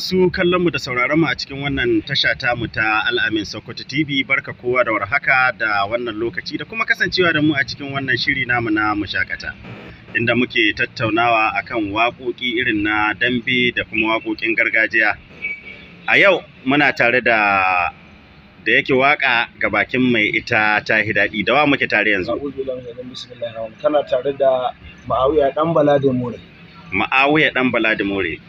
masu kallon mu da sauraron mu a cikin wannan tasha ta mu ta Al'amin Sokoto TV barka kowa da warhaka da wannan lokaci da kuma kasancewa da mu a cikin wannan shiri namu na mushakata inda muke tattaunawa akan waƙoƙi irin na dambe da kuma waƙoƙin gargajiya a yau muna tare da da yake waka ga bakin mai ita ta hidaɗi da wa muke tare yanzu kana tare da ma'awiya dan bala da more ma'awiya dan bala da more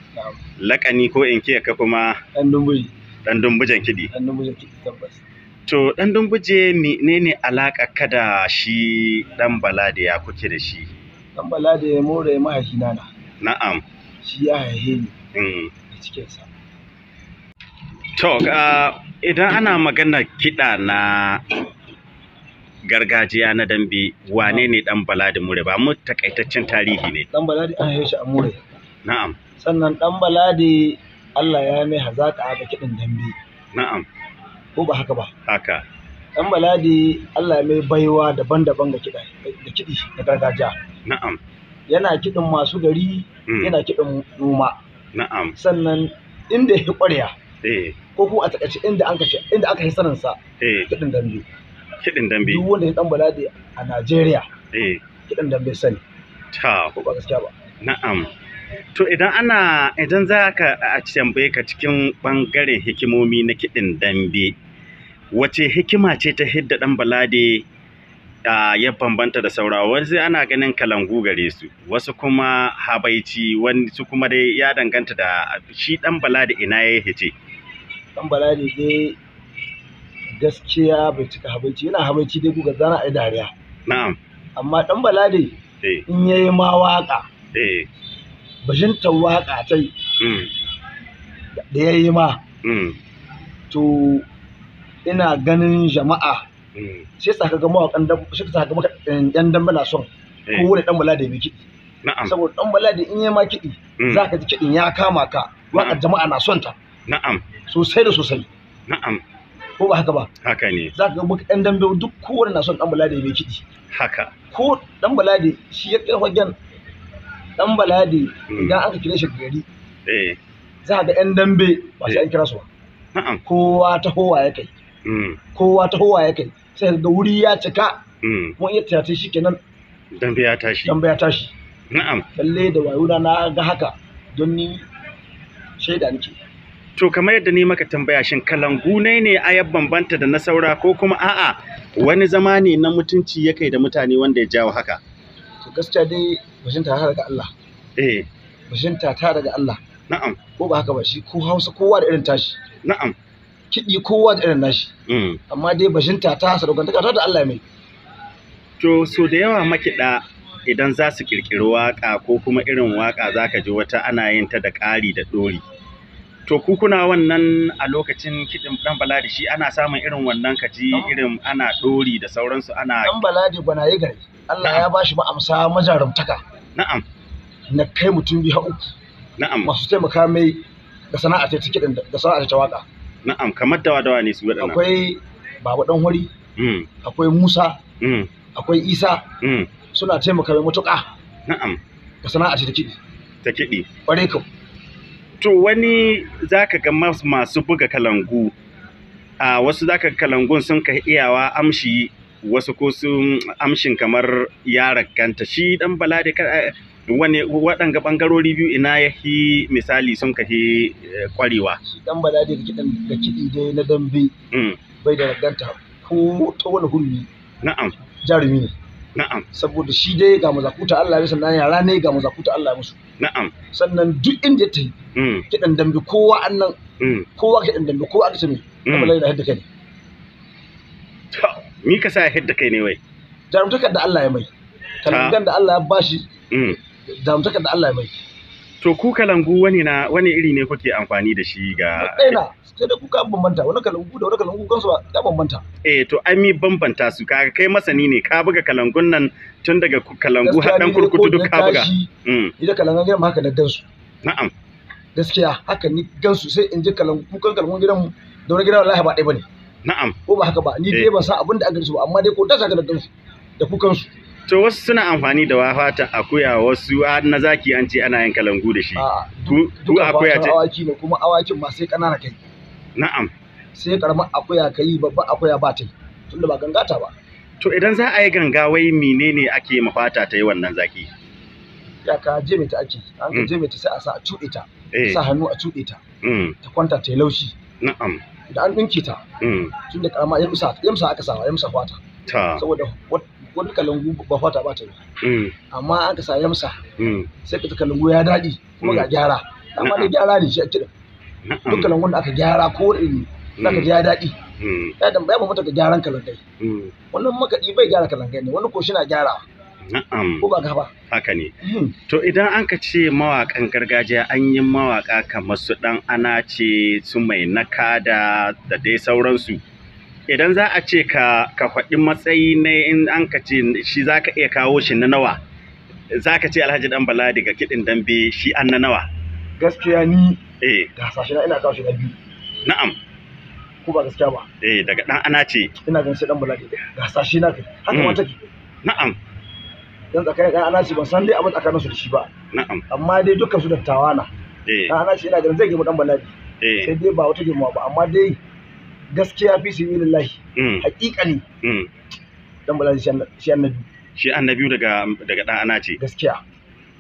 Lakani ko in kiya ka kuma dan dumbuje dan dumbujen kiɗi dan dumbujen kiɗi tabbas to dan dumbuje menene alaƙa ka da shi dan balade ya kuke da shi dan balade ya more mahaifina na na'am shi ya haihe ni mm. a cikinsa to idan ana magana kiɗa na gargajiya na dambe wane ne dan baladi mure ba mu takaitaccen tarihi ne dan baladi an haife shi a more. na'am sannan dan balade Allah ya mai hazaka da kiɗin dambe na'am ko ba haka ba haka dan balade Allah ya mai baiwa daban-daban ga kiɗa da kiɗi na gargajiya na'am yana kiɗin masu gari mm. yana kiɗin noma na'am sannan inda ya ƙwarya eh. ko ko a takaice inda an kace inda aka yi sanin sa eh. kiɗin dambe kiɗin dambe duk wanda ya dan balade a Najeriya eh. kiɗin dambe sani ta ko ba gaskiya ba na'am To idan ana idan za ka a tambaye ka cikin ɓangaren hikimomi na kiɗin dambe, wace hikima ce ta hidda ɗan balade ya bambanta da saurawa wasu ana ganin kalangu gare su wasu kuma habaici wasu kuma dai ya danganta da shi ɗan balade ina ya hice. Ɗan balade dai gaskiya bai cika habaici yana habaici dai guga zana a dariya. Na'am. Amma ɗan balade eh. in yayi ma waƙa. Eh. bajintar waƙa ta mm. da ya yi ma mm. to ina ganin jama'a mm. sai tsaka ga mawaƙan shi tsaka ga eh, dambala son eh. ko wani dan bala da bi kiɗi saboda dan bala da in yi ma kiɗi za ka ji kiɗin ya kama ka waƙar jama'a na son ta na'am sosai da sosai na'am ko ba haka ba haka ne za ka ga muka yan dambe duk kowane na son dan bala da bi kiɗi haka ko dan bala da shi ya kai wajen dan balade idan aka kira shi gari eh. za ga yan dambe ba sai an eh. kira su ba kowa ta howa ya kai hmm. kowa ta howa ya kai sai ga wuri ya cika hmm. kuma iya tashi shi kenan dambe ya tashi dambe ya tashi na'am lalle da wayo na ga haka don ni shaida nake to kamar yadda ni maka tambaya shin kalangu ne ne ayab bambanta da na saura ko kuma a'a wani zama ne na mutunci ya kai da mutane wanda ya jawo haka to gaskiya dai bashinta ta daga Allah eh bashinta ta daga Allah na'am ko ba haka ba shi ko Hausa kowa da irin tashi na'am kidi kowa da irin nashi mm. amma dai bashinta ta sadaukantaka ta da Allah mai to so da yawa makiɗa idan za su ƙirƙiri waƙa ko kuma irin waƙa za ka ji wata ana yin ta da ƙari da ɗori to ku kuna wannan a lokacin kiɗin ɗan baladi shi ana samun irin wannan kaji irin ana ɗori da sauransu ana ɗan baladi gwanaye gari Allah ya bashi ma'amsa majarumtaka na'am na kai mutum biyu uku na'am masu taimaka mai da sana'a ta kiɗin da sana'a ta waƙa. na'am kamar dawa dawa ne su waɗannan akwai baba dan hori mm. akwai musa mm. akwai isa mm. suna taimaka mai matuƙa na'am da sana'a ta kiɗi ta kiɗi ƙwarai kawai to wani za ka ga masu buga kalangu a wasu ka ga kalangun sun ka iyawa amshi wasu ko sun amshin kamar yara kanta shi dan bala da eh, wani waɗanga ɓangarori biyu ina ya fi misali sun kafi kwarewa. Eh, shi bala da kiɗan da kiɗi dai na dambe mm. bai da raganta ko ta wani hulmi. Na'am. Jarumi ne. na'am saboda shi dai ga mazakuta Allah ya sannan yara ne ga mazakuta Allah musu na'am sannan duk inda ta yi mm. kiɗan dambe kowa annan mm. kowa ki dambe kowa aka mm. ne. kuma lai da hadda kai ni ka sa hadda kai ne wai Jarumtaka da Allah ya mai kalangan da Allah ya bashi Jarumtaka da Allah ya mai to ku kalangu wani na wani iri ne kuke amfani da shi ga ɗaya eh, sai da kuka bambanta wani kalangu da wani kalangu kansu ya bambanta eh to ai mi bambanta su ka kai masani ne ka buga kalangun nan tun daga kalangu har dan kurkutu duk ka buga mm. idan kalangan gidan haka da gansu na'am gaskiya haka ni gansu sai in ji kalangu kuka kalangun gidan mu da wani gidan wallahi ba dai bane na'am ko ba haka ba ni dai eh. ban san abin da aka su ba amma dai ko da saka da gansu da kukan su to wasu suna amfani da fatan akuya wasu har na zaki an ce ana yin kalangu da shi ku akuya ce awaki ne kuma awakin ma sai kanana kai na'am sai karamar akuya kai babba akuya ba ta tunda ba gangata ba to idan za a yi ganga wai menene ake mafata ta yi wannan zaki ya ka je mai ta ake an ka mm. je mai ta sai a sa a cuɗe ta eh. sa hannu a cuɗe ta mm. ta kwanta ta yi laushi na'am da an ɗinke ta mm. tunda karama ya musa aka sawa ya musa fata saboda wata kalangu ba fata ba ta mm. amma an ka sa yamsa mm. sai ka kalangu ya daɗi kuma ga mm. gyara amma da gyara ne shi a kiɗan duk kalangun da aka gyara ko irin zaka ji ya daɗi ya tambaya ba mata ka gyaran kalangai wannan makaɗi bai gyara kalangai ne wani ko shi na gyara ko ba gaba haka ne to idan an ka ce mawaƙan gargajiya an yi mawaƙa kamar su ɗan ana ce su mai nakada da dai sauransu idan za a ce ka ka faɗi matsayi ne in an ka ce shi za ka iya kawo shi na nawa za ka ce alhaji dan bala daga kiɗin dambe shi an na nawa gaskiya ni eh da hasashe ina kawo shi na biyu na'am ko ba gaskiya ba eh daga dan ana ce ina ganin sai dan bala da hasashe na kai haka ma hmm. take na'am dan tsakanin ga ana ce ban san dai abin tsakanin su da shi ba na'am amma dai dukkan su dattawa na eh ana ce ina ganin zai girma dan bala eh sai dai ba wata girma ba amma dai gaskiya fi su yi lillahi mm. hakika ne mm. dan bala shi annabi shi annabi daga daga dan ana ce gaskiya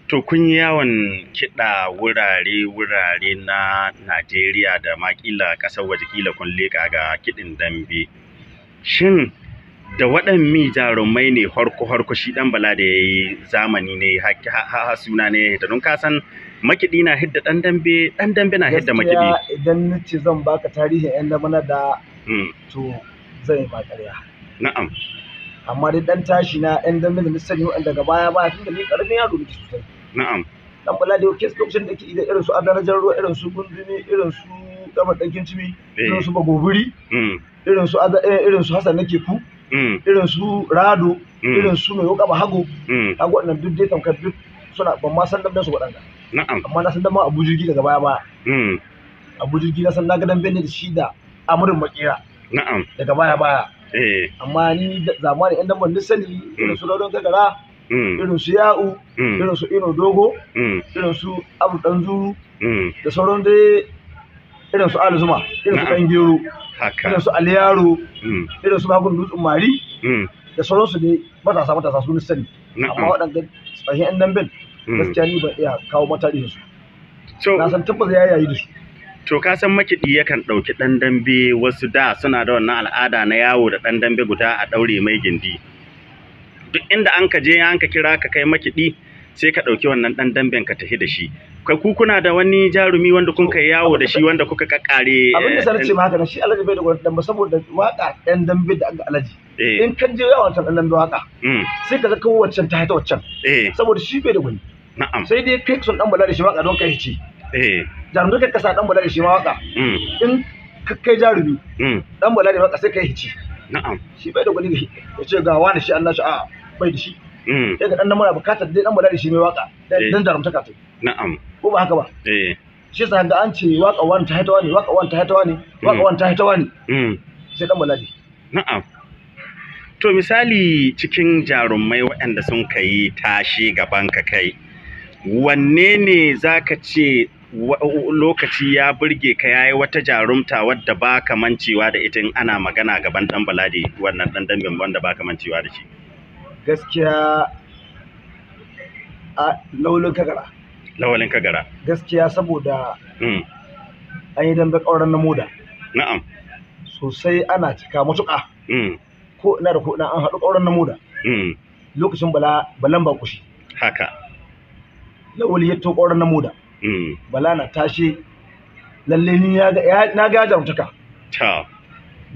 to kun yi yawon kiɗa wurare wurare na Najeriya da makila kila ƙasar waje kila kun leka ga kiɗin dambe shin da waɗan mi jarumai ne harko harko shi dan bala da ya yi zamani ne ha suna ne da don ka san makiɗi na hidda ɗan dambe ɗan dambe na hidda makiɗi idan ni ce zan baka tarihin yan dambe na da hmm. to zan yi ba na'am amma dai ɗan tashi na yan dambe da misali sani daga baya baya tun da ni ƙarfin yaro ne sosai na'am dan bala da yake lokacin da ke da irin su adarajar ruwa irin su gundumi irin su gaba ɗankin cimi eh. irin su bagobiri hmm. irin su eh, irin su hasan nake ku hmm. irin su rado irin su mai wuka ba hago hago nan duk dai tamkar duk suna ban ma san damdan su waɗanda na'am amma na san damdan abu jirgi daga baya baya hmm. abu jirgi na san na gadan benne da shi da amurin makira na'am daga baya baya eh. amma ni zamanin yan ban ni sani da hmm. su lauran gagara hmm. irin su ya'u irin su ino dogo irin su abu dan zuru da sauran dai irin su alu zuma irin su dan gero irin su aliyaro irin su bakun dutsen mari da sauransu dai matasa matasa sun sani amma waɗanda tsahin yan bin gaskiya mm. ni ban iya kawo da su na san tabbas ya yayi da su to ka san makiɗi yakan ɗauki ɗan dambe wasu da suna da wannan al'ada na yawo da ɗan dambe guda a ɗaure mai gindi duk inda an ka je an ka kira ka kai makiɗi sai ka ɗauki wannan ɗan damben ka tafi da shi kai ku kuna da wani jarumi wanda kun kai yawo da shi wanda kuka kakkare eh, abin da sanar ma haka shi alaji bai da gwamnati ba saboda waka ɗan dambe da aka alaji eh. in kan je yawo ta ɗan dambe waka mm. sai ka zaka waccan ta haita waccan eh. saboda shi bai da gwani na'am sai dai kai sun dan bala da shi waka don kai ci jarumi kai kasa dan bala da shi ma waka mm. in kai jarumi dan mm. bala da waka sai kai ci na'am shi bai da gwani ya ce ga wani shi Allah shi a bai da shi Mm. sai ka dan muna bukatar dai dan bala da shi mai waka dan eh. jarumtaka to na'am ko ba haka ba eh shi sa da an ce waka wani ta haitawa ne waka wani ta haitawa ne waka mm. wani ta haitawa ne mm. sai dan bala na'am to misali cikin jarumai waɗanda sun kai tashi gaban ka kai wanne ne zaka ce lokaci ya burge ka yi wata jarumta wadda ba ka mancewa da ita ana magana gaban dan balade wannan dan dambin wanda ba ka mancewa da shi gaskiya a laulin kagara lawalin kagara gaskiya saboda hmm. an yi dambe ƙauren na moda na'am sosai ana cika matuƙa hmm. ko ina da ko ina an haɗu ƙauren na moda hmm. lokacin bala balan ba kushi haka lawali ya to ƙauren na moda bala na tashi lalle ni na ga ya jarumtaka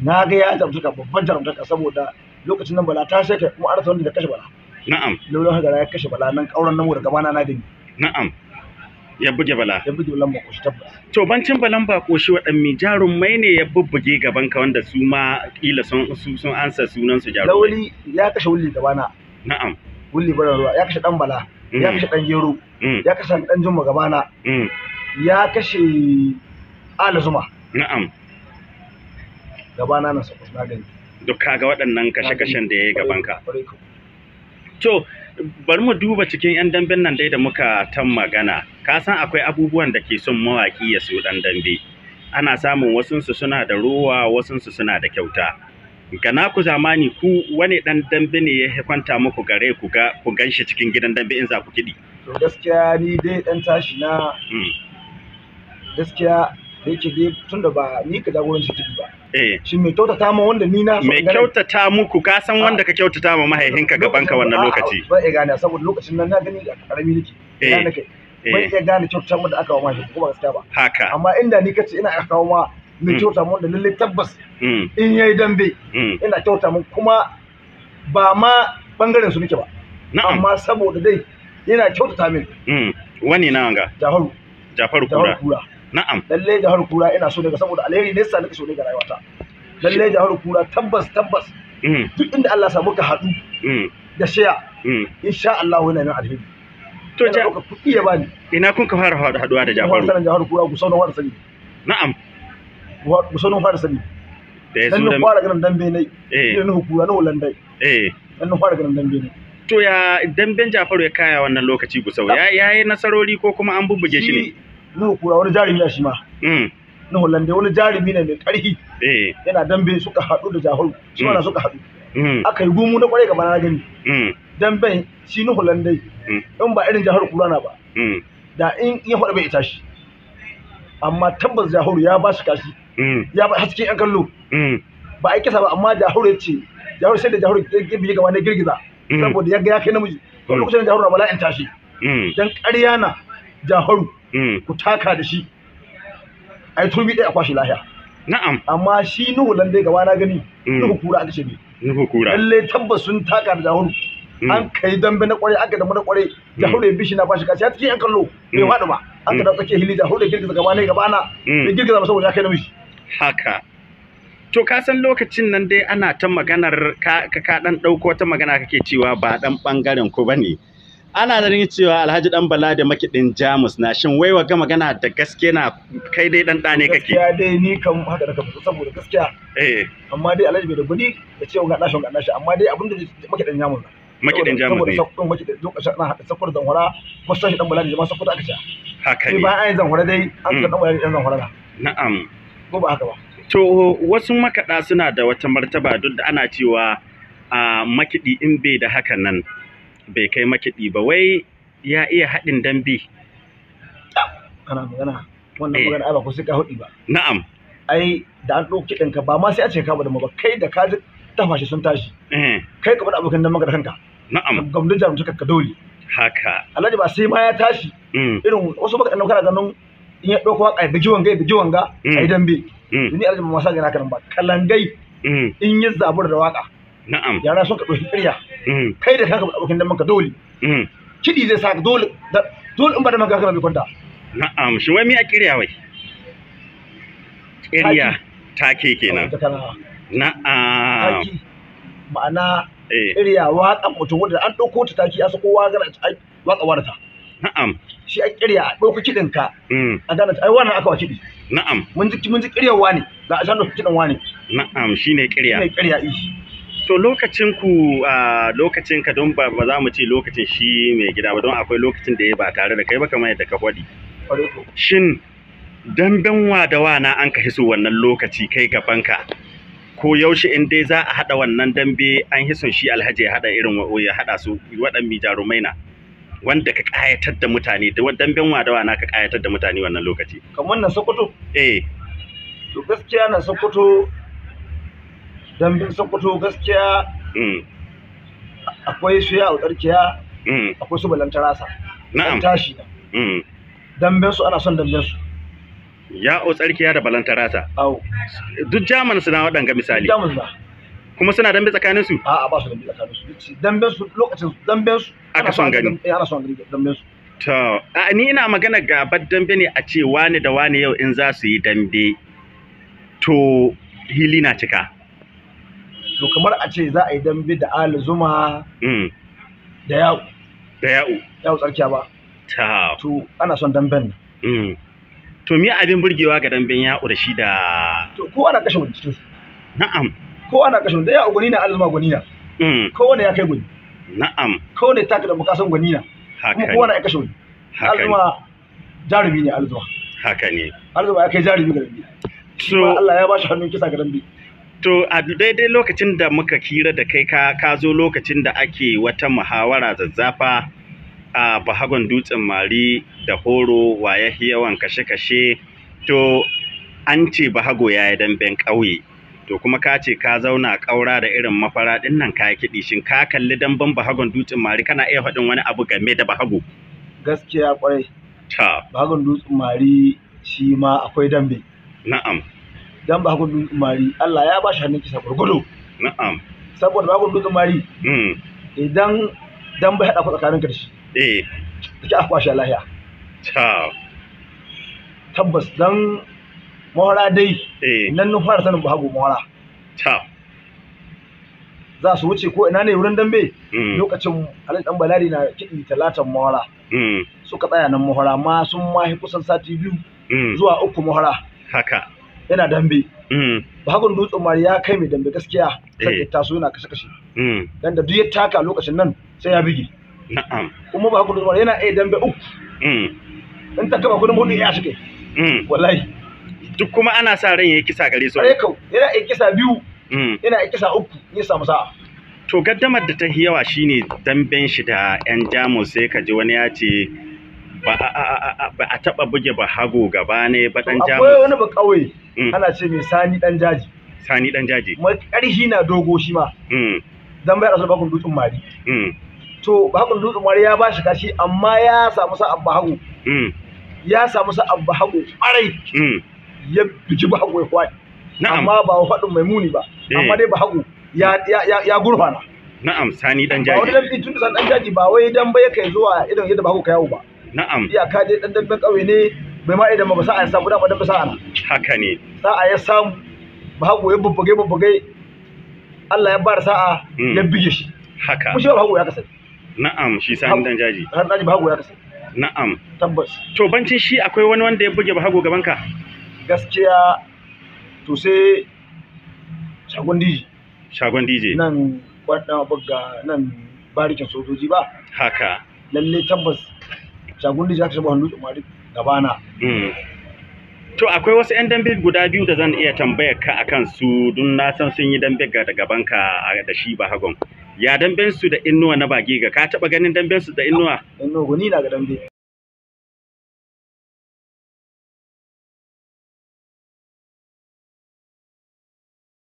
na ga ya jarumtaka babban jarumtaka saboda lokacin nan bala ta shaka kuma arsa wanda da kashe bala na'am lauran hagara ya kashe bala nan kauran nan da gabana na gani na'am ya buge bala ya buge bala bako shi tabbas to bancin balan bako shi wadan mi jarun mai ne ya bubbuge gaban ka wanda su ma kila sun su sun ansa sunan su jarun lawli ya kashe wulli na. na'am wulli bara ruwa ya kashe dan bala mm. ya kashe dan gero mm. ya kashe dan jumma gabana mm. ya kashe ala zuma na'am gabana na sakus na gani duk kaga waɗannan kashe-kashen da ya yi gabanka to bari mu duba cikin 'yan damben nan dai da muka tan magana ka san akwai abubuwan da ke son mawaƙi ya so ɗan dambe ana samun wasunsu suna da ruwa wasunsu suna da kyauta ga ku zamani ku wani ɗan dambe ne ya kwanta muku gare ku ga ku gan shi cikin gidan dambe in za ku kiɗi to gaskiya ni dai ɗan tashi na hmm. gaskiya da yake dai da ba ni ka jagoranci kiɗi ba Eh. shi mai kyautata ma wanda ni na mai kyautata muku ka san wanda ah. ka kyautata ma mahaihinka gaban ka wannan lokaci ba ya gane saboda lokacin nan na gani a karami nake eh. ina nake eh. ban ya gane kyautata mu da aka wa mahaifi ko ba gaskiya ba haka amma inda ni kace ina aka hmm. kawo ma mai kyauta mu da lalle tabbas hmm. in yayi dambe hmm. ina kyauta mu kuma ba ma bangaren su nake ba amma saboda dai yana kyautata min wani na jafaru jafaru kura na'am lalle jahar kura ina so ne ga saboda alheri ne sa nake so ne ga rayuwata lalle jahar kura tabbas tabbas mm. duk inda Allah samu ka haɗu mm. da shaya mm. insha Allah yana nan alheri to ja kuɗi ya bani ina kun ka fara haɗuwa da Jafaru sanan jahar kura ku sauna fara sani na'am ku sauna fara sani da ya sunan fara ganin dambe ne eh na hukura na dai. eh dan fara ganin dambe ne to ya damben Jafaru ya kaya wannan lokaci gusau ya yayi nasarori ko kuma an bubbuge shi ne nuhu kura wani jarumi a shi ma hmm. na hollande wani jarumi ne mai ƙarfi eh. yana dambe suka haɗu da jahol su mana hmm. suka haɗu hmm. aka yi gumu na kwarai gaba na gani damben shi na hollande in ba irin jahol kura na ba da in ya faɗa bai ita shi amma tabbas jahol ya ba shi kashi ya ba haske yan kallo ba a yi kisa ba amma jahol ya ce jahol sai da jahol ya biye gaba na girgiza saboda ya ga ya kai namiji lokacin jahol na bala'in tashi dan ƙarya na jaharu hmm. ku taka da shi ai turbi ɗaya a kwashe lahiya na'am amma shi nuhu lalle gaba na gani hmm. nuhu kura aka ce ne nuhu kura lalle tabbas sun taka da jaharu hmm. an kai dambe na kware aka dambe na kware jaharu ya bishi na bashi kashi ya cikin yan kallo bai faɗi ba aka da ke hili jaharu da girgiza gaba ne gaba na ya girgiza ba saboda ya kai namiji haka to ka san lokacin nan dai ana ta maganar ka ka dan dauko ta magana kake cewa ba dan bangaren ko bane ana da ni cewa alhaji dan bala da makidin jamus na shin wai waga magana da gaske na kai dai dan dane kake gaskiya dai ni kan haka daga fito saboda gaskiya eh amma dai alhaji bai da guni da cewa ga dashin ga dashin amma dai abin da makidin jamus na. makidin jamus ne saboda sakkon makidin lokacin na hada dan hura ko sashi dan bala da jama'a sakkon aka ce haka ne ai zan hura dai an ga mm. dan bala da hura na na'am ko ba haka ba to wasu makada suna da wata martaba duk da ana cewa a ah, makidi in bai da hakan nan bai kai makiɗi ba wai ya iya haɗin dambe ana magana wannan magana ba ku suka hudi ba na'am ai da an ɗauki ɗinka ba ma sai a ce ka da ba kai da ka ji tafashe sun tashi eh. kai ka bada abokan dambe da kanka na'am gwamnatin jami'in suka ka dole haka alhaji ba sai ma ya tashi mm. irin wasu baka ɗan kana ganin in ya ɗauko waka bigi wanga ya bigi wanga a yi mm. dambe mm. ni alhaji ba ma sa gana kanan ba kalangai in yi zabura da waka na'am yara sun ka ɗauki ƙirya Mm. kai da kanka abokin dan manka dole mm. kidi zai sa dole dole in ba da maka kana mai kwanta na'am shi wai me a kirya wai kirya take kenan na'am ma'ana kirya eh. waƙan mutum wanda an ɗauko ta taki a sako waƙar waƙa warta na'am shi a kirya a ɗauko kidin ka mm. a gane ai wannan aka wa kiɗi na'am mun ji mun ji kiryar ne za a shan kiɗin wani na'am shine kirya shine kirya ishi To lokacin ku a lokacin ka don ba za mu ce lokacin shi mai gida ba don akwai lokacin da ya ba tare da kai ba kamar yadda ka faɗi. Shin damben wa da wana an ka hiso wannan lokaci kai gaban ka ko yaushe in dai za a haɗa wannan dambe an hiso shi alhaji ya haɗa irin ya haɗa su waɗan jarumai na wanda ka ƙayatar da mutane da damben wa da wana ka ƙayatar da mutane wannan lokaci. Kamar na Sokoto? Eh. To gaskiya na Sokoto bin sokoto gaskiya mm. akwai su ya tsarkiya mm. akwai su balantarasa na'am tashi mm. bin su ana son bin su yawo tsarkiya da balantarasa au duk jaman suna waɗanga misali jaman na kuma suna dambe tsakanin su a'a ba su dambe tsakanin su damben su lokacin damben su aka son gani ana son gani damben su To, ni ina magana gabar dambe ne a ce wani da wani yau in za su yi dambe, to hili na cika. to kamar a ce za a yi dambe da ala zuma mm. da yawo da yawo yawo tsarkiya ba to ana son damben mm. to me abin burgewa ga damben yawo da shi da to ko ana kashe wani cikin na'am ko ana kashe wani da yawo gwani na ala zuma gwani na mm. ya kai gwani na'am Ko ya taka da bukasan gwani na kuma wanda ya kashe wani alzuma jarumi ne alzuma haka ne alzuma ya kai jarumi ga dambe shi Allah ya ba shi hannun kisa ga dambe To a daidai lokacin da muka kira da kai ka zo lokacin da ake wata muhawara zazzafa a bahagon dutsen mari da horo waye yawan kashe-kashe to an ce bahago ya yi damben ƙauye to kuma ka ce ka zauna ƙaura da irin mafara ɗin nan ka kiɗi shin ka kalli damben bahagon dutsen mari kana iya faɗin wani abu game da bahago gaskiya kwarai ta bahagon dutsen mari shi ma akwai dambe na'am dan ba dutsen mari Allah ya ba shi hannun kisa gurgudu na'am saboda ba gudun mari hmm. idan dan ba hada ku tsakanin karshe eh take akwa shi lahiya ta tabbas dan mohara dai eh. nan nun fara sanin ba hagu mawara ta za su wuce ko ina ne wurin dambe hmm. lokacin alin dan balari na kiɗi talatan mawara hmm. suka tsaya nan mohara ma sun mahi kusan sati biyu zuwa uku mohara haka yana dambe mm. bakon dutsen mari ya kai mai dambe gaskiya sai eh. taso yana kashe kashe mm. dan da duk ya taka lokacin nan sai ya bige na'am kuma bakon dutsen mari yana iya dambe uku mm. in ta kaba kudin hudu ya shige wallahi duk kuma ana sa ran yayi kisa gare su kau yana iya kisa biyu yana iya kisa uku ya samu sa'a to gaddamar da ta yawa shine damben shi da yan jamus sai ka ji wani ya ce ba a taba buge ba hago gaba ne ba dan jaji akwai wani ba kauye mm. ana ce mai sani dan jaji sani dan jaji mai karshi na dogo shi ma dan mm. bai rasu bakun dutsen mari mm. to bakun dutsen mari ya ba shi kashi amma ya samu sa abba hago ya samu sa abba hago kwarai ya biki ba hago ya kwai amma ba fadin mai muni ba eh. amma dai ba hago ya ya gurfana na'am sani dan jaji ba wani dan jaji ba wai dan bai kai zuwa idan yadda ba hago ka yawo ba na'am iyaka dai dan dabban kauye ne bai ma idan ba sa an samu dama sa sa'a haka ne sa'a ya samu ba hago ya bubbuge bubbuge Allah ya bar sa'a mm. ya bige shi haka mu shi ba hago ya kasance na'am shi sani dan jaji har daji ba hago ya kasance na'am tabbas to bancin shi akwai wani wanda ya buge ba hago gaban ka gaskiya to sai shagon DJ shagon DJ nan kwaɗa bugga nan barikin sojoji ba haka lalle tabbas shagundi za ka shaba hannu tsumari gabana hmm. to akwai wasu 'yan dambe guda biyu da zan iya tambaya ka akan su don na san sun yi dambe ga gaban ka da shi ba hagon ya damben su da innuwa na bagi ga ka taba ganin damben su da innuwa innuwa guni na ga dambe